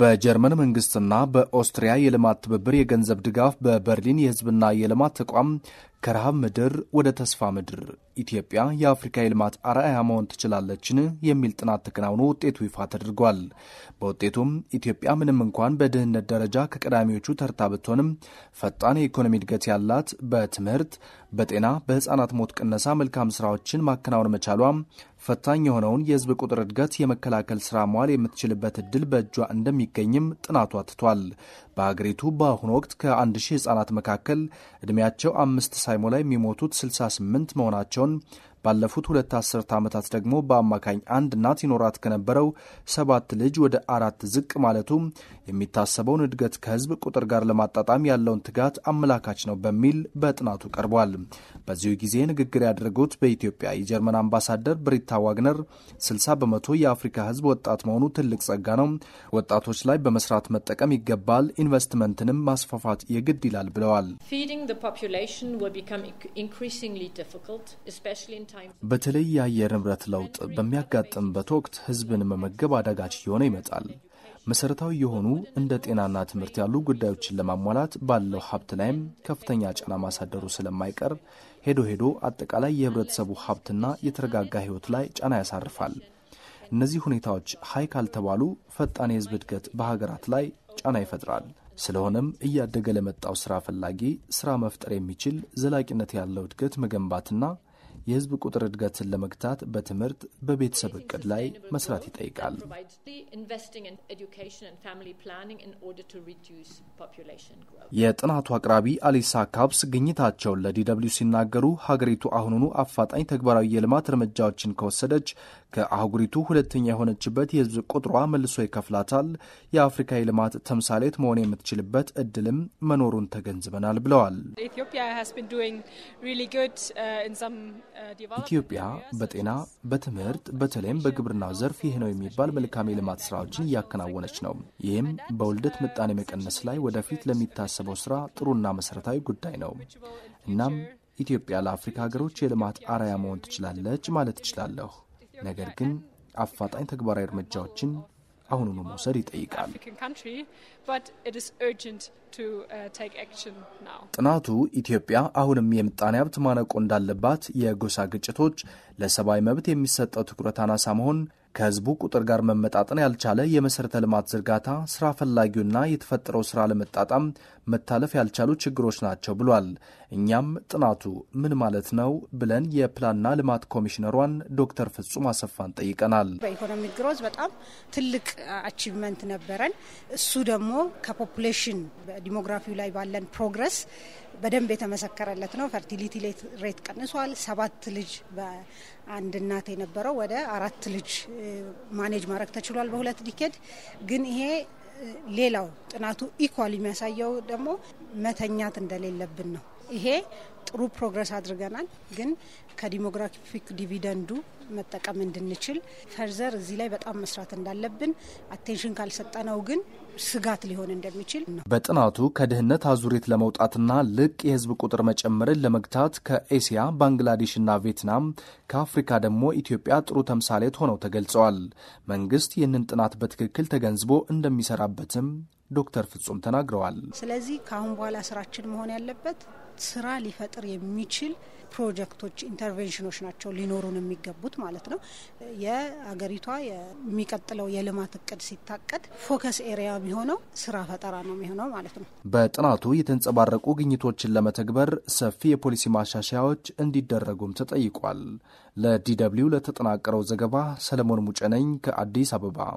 በጀርመን መንግስትና በኦስትሪያ የልማት ትብብር የገንዘብ ድጋፍ በበርሊን የህዝብና የልማት ተቋም ከረሃብ ምድር ወደ ተስፋ ምድር ኢትዮጵያ የአፍሪካ የልማት አርአያ መሆን ትችላለችን የሚል ጥናት ተከናውኖ ውጤቱ ይፋ ተደርጓል። በውጤቱም ኢትዮጵያ ምንም እንኳን በድህነት ደረጃ ከቀዳሚዎቹ ተርታ ብትሆንም ፈጣን የኢኮኖሚ እድገት ያላት፣ በትምህርት፣ በጤና፣ በህፃናት ሞት ቅነሳ መልካም ስራዎችን ማከናወን መቻሏ ፈታኝ የሆነውን የህዝብ ቁጥር እድገት የመከላከል ስራ መዋል የምትችልበት እድል በእጇ እንደሚገኝም ጥናቱ አትቷል። በሀገሪቱ በአሁኑ ወቅት ከአንድ ሺህ ህጻናት መካከል ዕድሜያቸው አምስት ላይ የሚሞቱት 68 መሆናቸውን ባለፉት ሁለት አስርተ ዓመታት ደግሞ በአማካኝ አንድ እናት ይኖራት ከነበረው ሰባት ልጅ ወደ አራት ዝቅ ማለቱ የሚታሰበውን እድገት ከህዝብ ቁጥር ጋር ለማጣጣም ያለውን ትጋት አመላካች ነው በሚል በጥናቱ ቀርቧል። በዚሁ ጊዜ ንግግር ያደረጉት በኢትዮጵያ የጀርመን አምባሳደር ብሪታ ዋግነር 60 በመቶ የአፍሪካ ህዝብ ወጣት መሆኑ ትልቅ ጸጋ ነው፣ ወጣቶች ላይ በመስራት መጠቀም ይገባል፣ ኢንቨስትመንትንም ማስፋፋት የግድ ይላል ብለዋል። በተለይ የአየር ንብረት ለውጥ በሚያጋጥምበት ወቅት ህዝብን መመገብ አዳጋች እየሆነ ይመጣል። መሰረታዊ የሆኑ እንደ ጤናና ትምህርት ያሉ ጉዳዮችን ለማሟላት ባለው ሀብት ላይም ከፍተኛ ጫና ማሳደሩ ስለማይቀር ሄዶ ሄዶ አጠቃላይ የህብረተሰቡ ሀብትና የተረጋጋ ህይወት ላይ ጫና ያሳርፋል። እነዚህ ሁኔታዎች ሀይ ካልተባሉ ፈጣን የህዝብ እድገት በሀገራት ላይ ጫና ይፈጥራል። ስለሆነም እያደገ ለመጣው ስራ ፈላጊ ስራ መፍጠር የሚችል ዘላቂነት ያለው እድገት መገንባትና የህዝብ ቁጥር እድገትን ለመግታት በትምህርት በቤተሰብ እቅድ ላይ መስራት ይጠይቃል። የጥናቱ አቅራቢ አሊሳ ካፕስ ግኝታቸውን ለዲደብሊው ሲናገሩ ሀገሪቱ አሁኑኑ አፋጣኝ ተግባራዊ የልማት እርምጃዎችን ከወሰደች ከአህጉሪቱ ሁለተኛ የሆነችበት የህዝብ ቁጥሯ መልሶ ይከፍላታል። የአፍሪካ የልማት ተምሳሌት መሆን የምትችልበት እድልም መኖሩን ተገንዝበናል ብለዋል። ኢትዮጵያ uh, uh, በጤና፣ በትምህርት በተለይም በግብርናው ዘርፍ ይህ ነው የሚባል መልካም የልማት ስራዎችን እያከናወነች ነው። ይህም በውልደት ምጣኔ መቀነስ ላይ ወደፊት ለሚታሰበው ስራ ጥሩና መሰረታዊ ጉዳይ ነው። እናም ኢትዮጵያ ለአፍሪካ ሀገሮች የልማት አራያ መሆን ትችላለች ማለት እችላለሁ። ነገር ግን አፋጣኝ ተግባራዊ እርምጃዎችን አሁኑኑ መውሰድ ይጠይቃል። uh, ጥናቱ ኢትዮጵያ አሁንም የምጣኔ ሀብት ማነቆ እንዳለባት፣ የጎሳ ግጭቶች፣ ለሰብአዊ መብት የሚሰጠው ትኩረት አናሳ መሆን ከህዝቡ ቁጥር ጋር መመጣጠን ያልቻለ የመሠረተ ልማት ዝርጋታ፣ ስራ ፈላጊውና የተፈጠረው ስራ ለመጣጣም መታለፍ ያልቻሉ ችግሮች ናቸው ብሏል። እኛም ጥናቱ ምን ማለት ነው ብለን የፕላንና ልማት ኮሚሽነሯን ዶክተር ፍጹም አሰፋን ጠይቀናል። በኢኮኖሚ ግሮዝ በጣም ትልቅ አቺቭመንት ነበረን። እሱ ደግሞ ከፖፑሌሽን ዲሞግራፊው ላይ ባለን ፕሮግረስ በደንብ የተመሰከረለት ነው። ፈርቲሊቲ ሬት ቀንሷል። ሰባት ልጅ በአንድ እናት የነበረው ወደ አራት ልጅ ማኔጅ ማድረግ ተችሏል በሁለት ዲኬድ። ግን ይሄ ሌላው ጥናቱ ኢኳል የሚያሳየው ደግሞ መተኛት እንደሌለብን ነው። ይሄ ጥሩ ፕሮግረስ አድርገናል። ግን ከዲሞግራፊክ ዲቪደንዱ መጠቀም እንድንችል ፈርዘር እዚህ ላይ በጣም መስራት እንዳለብን አቴንሽን ካልሰጠነው ግን ስጋት ሊሆን እንደሚችል ነው። በጥናቱ ከድህነት አዙሪት ለመውጣትና ልቅ የህዝብ ቁጥር መጨመርን ለመግታት ከኤስያ ባንግላዴሽና ቪየትናም ከአፍሪካ ደግሞ ኢትዮጵያ ጥሩ ተምሳሌት ሆነው ተገልጸዋል። መንግስት ይህንን ጥናት በትክክል ተገንዝቦ እንደሚሰራበትም ዶክተር ፍጹም ተናግረዋል። ስለዚህ ከአሁን በኋላ ስራችን መሆን ያለበት ስራ ሊፈጥር የሚችል ፕሮጀክቶች፣ ኢንተርቬንሽኖች ናቸው ሊኖሩን የሚገቡት ማለት ነው። የአገሪቷ የሚቀጥለው የልማት እቅድ ሲታቀድ ፎከስ ኤሪያ የሚሆነው ስራ ፈጠራ ነው የሚሆነው ማለት ነው። በጥናቱ የተንጸባረቁ ግኝቶችን ለመተግበር ሰፊ የፖሊሲ ማሻሻያዎች እንዲደረጉም ተጠይቋል። ለዲ ለተጠናቀረው ዘገባ ሰለሞን ሙጨነኝ ከአዲስ አበባ